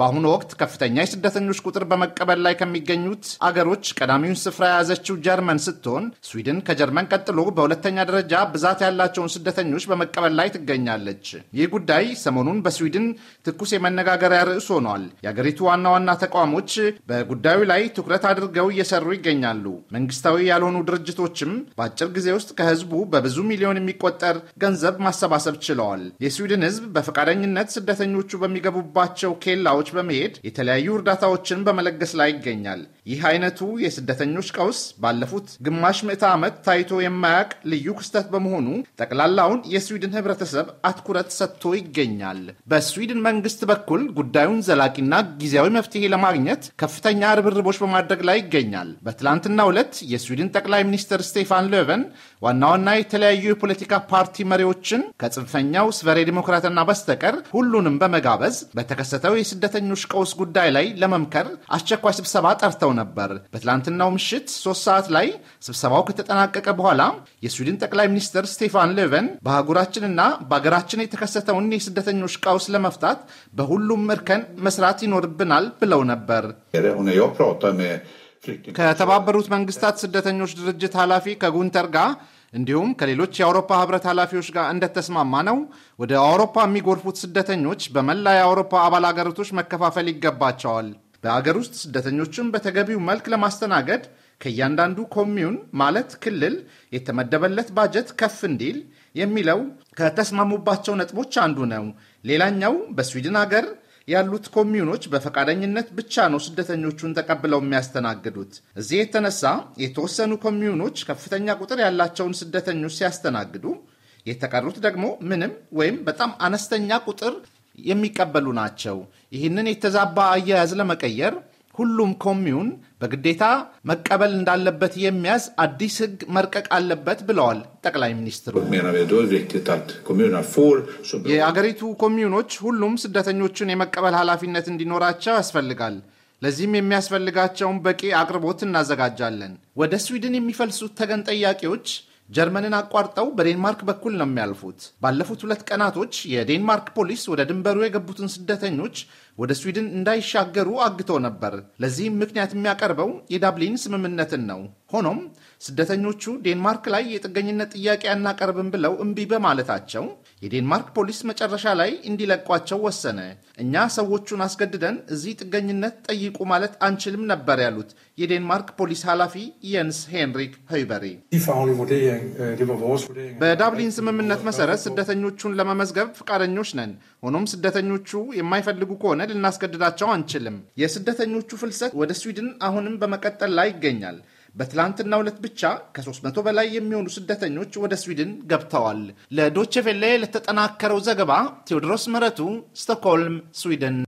በአሁኑ ወቅት ከፍተኛ የስደተኞች ቁጥር በመቀበል ላይ ከሚገኙት አገሮች ቀዳሚውን ስፍራ የያዘችው ጀርመን ስትሆን ስዊድን ከጀርመን ቀጥሎ በሁለተኛ ደረጃ ብዛት ያላቸውን ስደተኞች በመቀበል ላይ ትገኛለች። ይህ ጉዳይ ሰሞኑን በስዊድን ትኩስ የመነጋገሪያ ርዕስ ሆኗል። የአገሪቱ ዋና ዋና ተቋሞች በጉዳዩ ላይ ትኩረት አድርገው እየሰሩ ይገኛሉ። መንግስታዊ ያልሆኑ ድርጅቶችም በአጭር ጊዜ ውስጥ ከህዝቡ በብዙ ሚሊዮን የሚቆጠር ገንዘብ ማሰባሰብ ችለዋል። የስዊድን ህዝብ በፈቃደኝነት ስደተኞቹ በሚገቡባቸው ኬላዎች ቦታዎች በመሄድ የተለያዩ እርዳታዎችን በመለገስ ላይ ይገኛል። ይህ አይነቱ የስደተኞች ቀውስ ባለፉት ግማሽ ምዕተ ዓመት ታይቶ የማያውቅ ልዩ ክስተት በመሆኑ ጠቅላላውን የስዊድን ህብረተሰብ አትኩረት ሰጥቶ ይገኛል። በስዊድን መንግስት በኩል ጉዳዩን ዘላቂና ጊዜያዊ መፍትሄ ለማግኘት ከፍተኛ ርብርቦች በማድረግ ላይ ይገኛል። በትላንትናው ዕለት የስዊድን ጠቅላይ ሚኒስትር ስቴፋን ሎቨን ዋና ዋና የተለያዩ የፖለቲካ ፓርቲ መሪዎችን ከጽንፈኛው ስቨሬ ዲሞክራትና በስተቀር ሁሉንም በመጋበዝ በተከሰተው የስደ በስደተኞች ቀውስ ጉዳይ ላይ ለመምከር አስቸኳይ ስብሰባ ጠርተው ነበር። በትላንትናው ምሽት ሶስት ሰዓት ላይ ስብሰባው ከተጠናቀቀ በኋላ የስዊድን ጠቅላይ ሚኒስትር ስቴፋን ሌቨን በአህጉራችንና በሀገራችን የተከሰተውን የስደተኞች ቀውስ ለመፍታት በሁሉም እርከን መስራት ይኖርብናል ብለው ነበር። ከተባበሩት መንግስታት ስደተኞች ድርጅት ኃላፊ ከጉንተር ጋር እንዲሁም ከሌሎች የአውሮፓ ህብረት ኃላፊዎች ጋር እንደተስማማ ነው ወደ አውሮፓ የሚጎርፉት ስደተኞች በመላ የአውሮፓ አባል አገሮቶች መከፋፈል ይገባቸዋል። በአገር ውስጥ ስደተኞችን በተገቢው መልክ ለማስተናገድ ከእያንዳንዱ ኮሚዩን ማለት ክልል የተመደበለት ባጀት ከፍ እንዲል የሚለው ከተስማሙባቸው ነጥቦች አንዱ ነው። ሌላኛው በስዊድን አገር ያሉት ኮሚዩኖች በፈቃደኝነት ብቻ ነው ስደተኞቹን ተቀብለው የሚያስተናግዱት። እዚህ የተነሳ የተወሰኑ ኮሚዩኖች ከፍተኛ ቁጥር ያላቸውን ስደተኞች ሲያስተናግዱ፣ የተቀሩት ደግሞ ምንም ወይም በጣም አነስተኛ ቁጥር የሚቀበሉ ናቸው። ይህንን የተዛባ አያያዝ ለመቀየር ሁሉም ኮሚዩን በግዴታ መቀበል እንዳለበት የሚያዝ አዲስ ሕግ መርቀቅ አለበት ብለዋል ጠቅላይ ሚኒስትሩ። የአገሪቱ ኮሚዩኖች ሁሉም ስደተኞችን የመቀበል ኃላፊነት እንዲኖራቸው ያስፈልጋል። ለዚህም የሚያስፈልጋቸውን በቂ አቅርቦት እናዘጋጃለን። ወደ ስዊድን የሚፈልሱት ተገን ጠያቂዎች ጀርመንን አቋርጠው በዴንማርክ በኩል ነው የሚያልፉት። ባለፉት ሁለት ቀናቶች የዴንማርክ ፖሊስ ወደ ድንበሩ የገቡትን ስደተኞች ወደ ስዊድን እንዳይሻገሩ አግቶ ነበር። ለዚህም ምክንያት የሚያቀርበው የዳብሊን ስምምነትን ነው። ሆኖም ስደተኞቹ ዴንማርክ ላይ የጥገኝነት ጥያቄ አናቀርብም ብለው እምቢ በማለታቸው የዴንማርክ ፖሊስ መጨረሻ ላይ እንዲለቋቸው ወሰነ። እኛ ሰዎቹን አስገድደን እዚህ ጥገኝነት ጠይቁ ማለት አንችልም ነበር ያሉት የዴንማርክ ፖሊስ ኃላፊ የንስ ሄንሪክ ሆይበሪ Eh, በዳብሊን ስምምነት መሰረት ስደተኞቹን ለመመዝገብ ፈቃደኞች ነን። ሆኖም ስደተኞቹ የማይፈልጉ ከሆነ ልናስገድዳቸው አንችልም። የስደተኞቹ ፍልሰት ወደ ስዊድን አሁንም በመቀጠል ላይ ይገኛል። በትላንትና ሁለት ብቻ ከ300 በላይ የሚሆኑ ስደተኞች ወደ ስዊድን ገብተዋል። ለዶቼ ቬለ ለተጠናከረው ዘገባ ቴዎድሮስ ምህረቱ ስቶክሆልም፣ ስዊድን